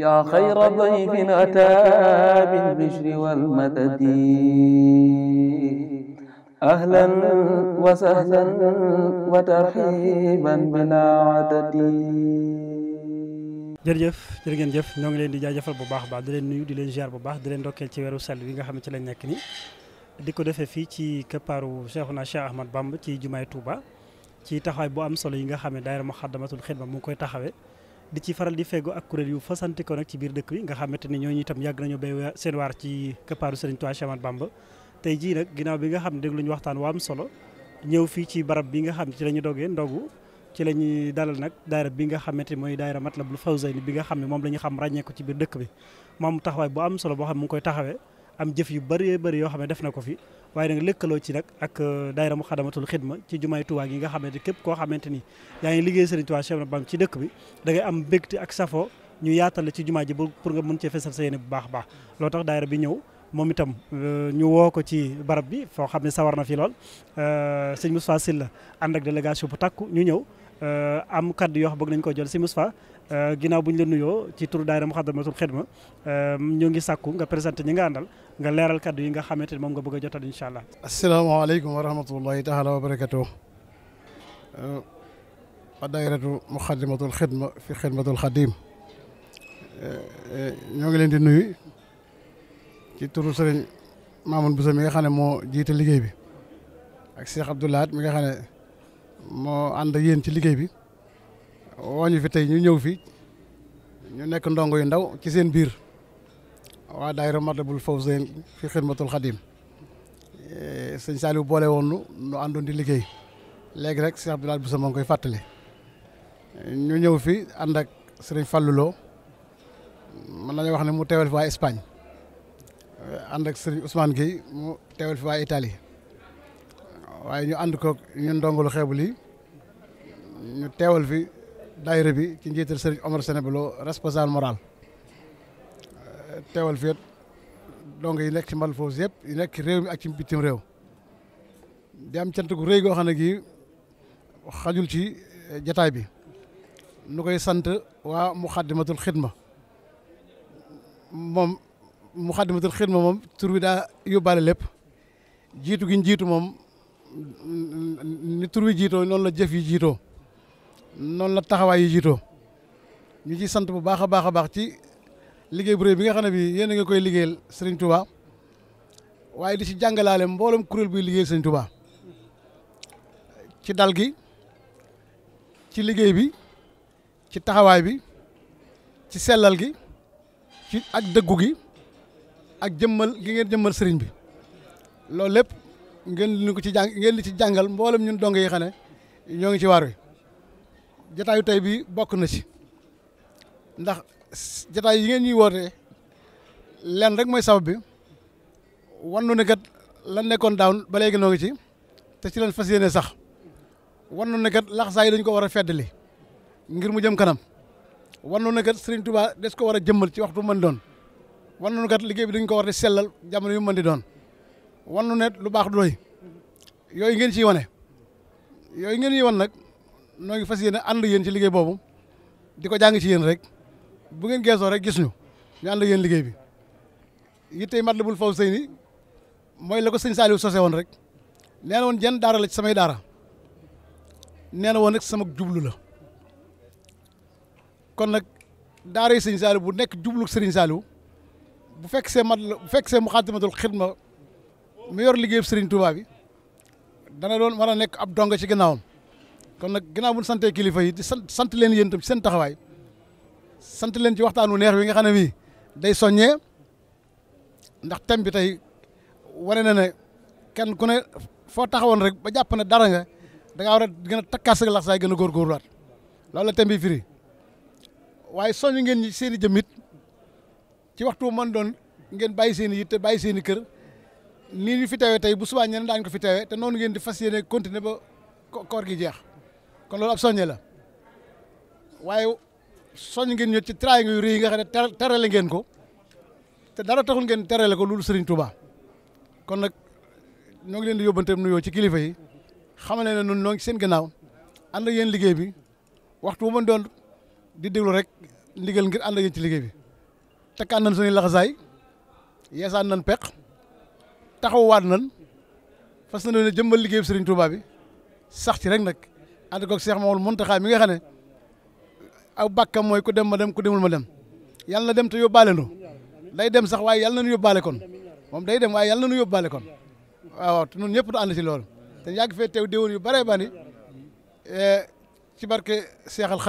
yaa xayra dayfin ataa bil bishri wal wa sahlan wa tarxiiban bilaa adadi. di jaajëfal bu baax a di leen nuyu di leen ziar bu baax di leen ndokkeel ci weeru sell wi nga xam ne ci lañ nekk ni di ko defee fii ci këppaaru Cheikhuna Cheikh Ahmad Bamb ci jumaay Touba ci taxawaay bu am solo yi nga xam ne daayira Muxaddamatul Xidma mu ngi koy taxawee. di ci faral di feggo ak kuréel yu fasante ko nag ci biir dëkk bi nga xamante ni ñooñu itam yàgg nañu béy seen waar ci këppaaru Serigne Touba Cheikh Ahmadou Bamba tey jii nag ginnaaw bi nga xam ne déglu ñu waxtaan waa am solo ñëw fii ci barab bi nga xam ci la ñu dogee ndogu ci la ñuy dalal nag daayira bi nga xamante ni mooy daayira Matlabul Fawzayni bi nga xam ne moom la ñu xam ràññee ci biir dëkk bi moom taxawaay bu am solo boo xam mu koy taxawee am jëf yu bëree bëri yoo xam ne def na ko fi waaye nag lëkkaloo ci nag ak euh, daayira Muxaddamatul Xidma ci jumaay Tuubaa gi nga xamante képp koo xamante ni yaa ngi liggéey Sëriñ Tuubaa Cheikh Bamba ci dëkk bi da am mbégte ak safoo ñu yaatal ci jumaa ji pour nga mën cee fesal sa yéene bu baax baax loo tax daayira bi ñëw moom itam euh, ñu woo ko ci barab bi foo xam ne sawar na fi lool euh, sëñ Moussa la ànd ak délégation bu takku ñu ñëw Euh, am kaddu yoo xam bëgg nañ ko jël si fa euh, ginnaaw bu ñu la nuyoo ci turu daayira Moukhaddamatoul Khidma euh, ñoo ngi sàkku nga présenté ñi nga àndal nga leeral kaddu yi nga xamante ni moom nga bëgg a jotal incha allah. asalaamaaleykum wa rahmatullahi taala wa barakatuh daayiratu Moukhaddamatoul Khidma fi xidmatul xadim ñoo ngi leen di nuyu ci turu sëriñ Mamoun Bousso mi nga xam ne moo jiite liggéey bi ak Cheikh Abdoulaye mi nga xam ne. moo ànd ak yéen ci liggéey bi woo ñu fi tey ñu ñëw fi ñu nekk ndongo yu ndaw ci seen biir waa daayira Matlabul Fawzayni fi xidmatul xadim eh, sëñ Saliou boole woon nu nu àndoon di liggéey léegi rek Cheikh bi Bousso bisa ngi koy fàttali ñu ñëw fi ànd ak sëriñ Fallou Lo mën nañu wax ne mu teewal fi waa Espagne ànd ak sëriñ Ousmane Gueye mu teewal fi waa Italie waaye ñu ànd ko ñun ndongalu xeebu lii ñu teewal fi daayira bi ci njiital sëriñ Omar Senebelo responsable moral teewal fi donc yi nekk ci mbal foofu yëpp yi nekk réew mi ak ci bitim réew di am cant gu rëy goo xam ne gii xajul ci jataay bi nu koy sant waa Muxaddamatul Xidma moom Muxaddamatul Xidma moom tur wi daa yóbbaale lépp jiitu gi ñu jiitu moom ni tur jiitoo noonu la jëf yi jiitoo noonu la taxawaay yi jiitoo ñu ci sant bu baax a baax a baax ci liggéey bu réy bi nga xam ne bi yéen a nga koy liggéeyal Serigne Touba waaye di ci jàngalaale mboolem kuréel bi liggéeyal Serigne Touba ci dal gi ci liggéey bi ci taxawaay bi ci sellal gi ci ak dëggu gi ak jëmmal gi ngeen jëmmal sëriñ bi loolu lépp ngeen li ko ci jàng ngeen li ci jàngal mboolem ñun dong yi xam ne ñoo ngi ci waar wi jataayu tey bi bokk na ci ndax jataay yi ngeen ñuy wootee lenn rek mooy sabab bi wannu ne kat lan nekkoon daaw ba léegi noo ngi ci te ci leen fas yéene sax wannu ne kat laxsaa yi dañu ko war a feddali ngir mu jëm kanam wannu ne kat Serigne Touba des ko war a jëmmal ci waxtu man doon wannu kat liggéey bi dañ ko war di sellal jamono yu mën di doon wannu ne lu baax doy yooyu ngeen ciy wane yooyu ngeen ñuy wan nag noo ngi fas yéene ànd yéen ci liggéey boobu di ko jàng ci yéen rek bu ngeen geesoo rek gis ñu ñu ànd yéen liggéey bi yittey Matlabul Fawzayni mooy la ko sëñ Saliou sose woon rek nee woon jenn daara la samay daara nee na woon nag sama jublu la kon nag daara yi sëñ Saliou bu nekk jublu sëriñ Saliou bu fekk see mat bu fekk see Muxaddamatul Xidma mu yor liggéey sëriñ Touba bi dana doon war a nekk ab donga ci ginnaawam kon nag ginnaaw bu ñu santee kilifa yi di sant sant leen yéen itam ci seen taxawaay sant leen ci waxtaan wu neex wi nga xam ne bii day soññee ndax thème bi tey wane na ne kenn ku ne foo taxawoon rek ba jàpp ne dara nga da ngaa war a gën a takkaas ak laxsaay gën a góorgóorluwaat loolu la thème bi firi waaye soññ ngeen ñi seen jëmmit ci waxtu man doon ngeen bàyyi seen i te bàyyi seen i kër nii ñu fi teewee tey bu subaa ñeneen daañu ko fi teewee te noonu ngeen di fas yéene continuer ba koor gi jeex kon loolu ab soññe la waaye soñ ngeen ñu ci teraanga yu rëy yi nga xam ne terale ngeen ko te dara taxul ngeen terale ko loolu Serigne Touba kon nag ñoo leen di yóbbanteem nuyoo ci kilifa yi xamal ne nun ñoo ngi seen gannaaw ànd ak yéen liggéey bi waxtu bu ma doon di déglu rek ndigal ngir ànd ak yéen ci liggéey bi takkaan nañ suñuy laxasaay yeesaan nañ peq taxawaat nañ fas na ne jëmbal liggéey bi Serigne Touba bi sax ci rek nag. ànd koog Cheikh Mamadou Mountakha mi nga xam ne aw bakka mooy ku dem ma dem ku demul ma dem yàlla na dem te yóbbaale nu day dem sax waaye yàlla na nu yóbbaale kon moom day dem waaye yàlla na nu yóbbaale kon waaw te ñun ñëpp du ànd ci loolu te yàgg fee teew déwén yu bare bari eh, ci barke Cheikh Al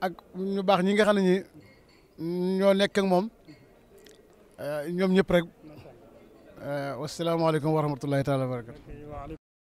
ak ñu baax ñi nga xam ne ñi ñoo nekk moom eh, ñoom ñëpp rek eh, wasalaamaaleykum wa rahmatullahi taala wa barakatu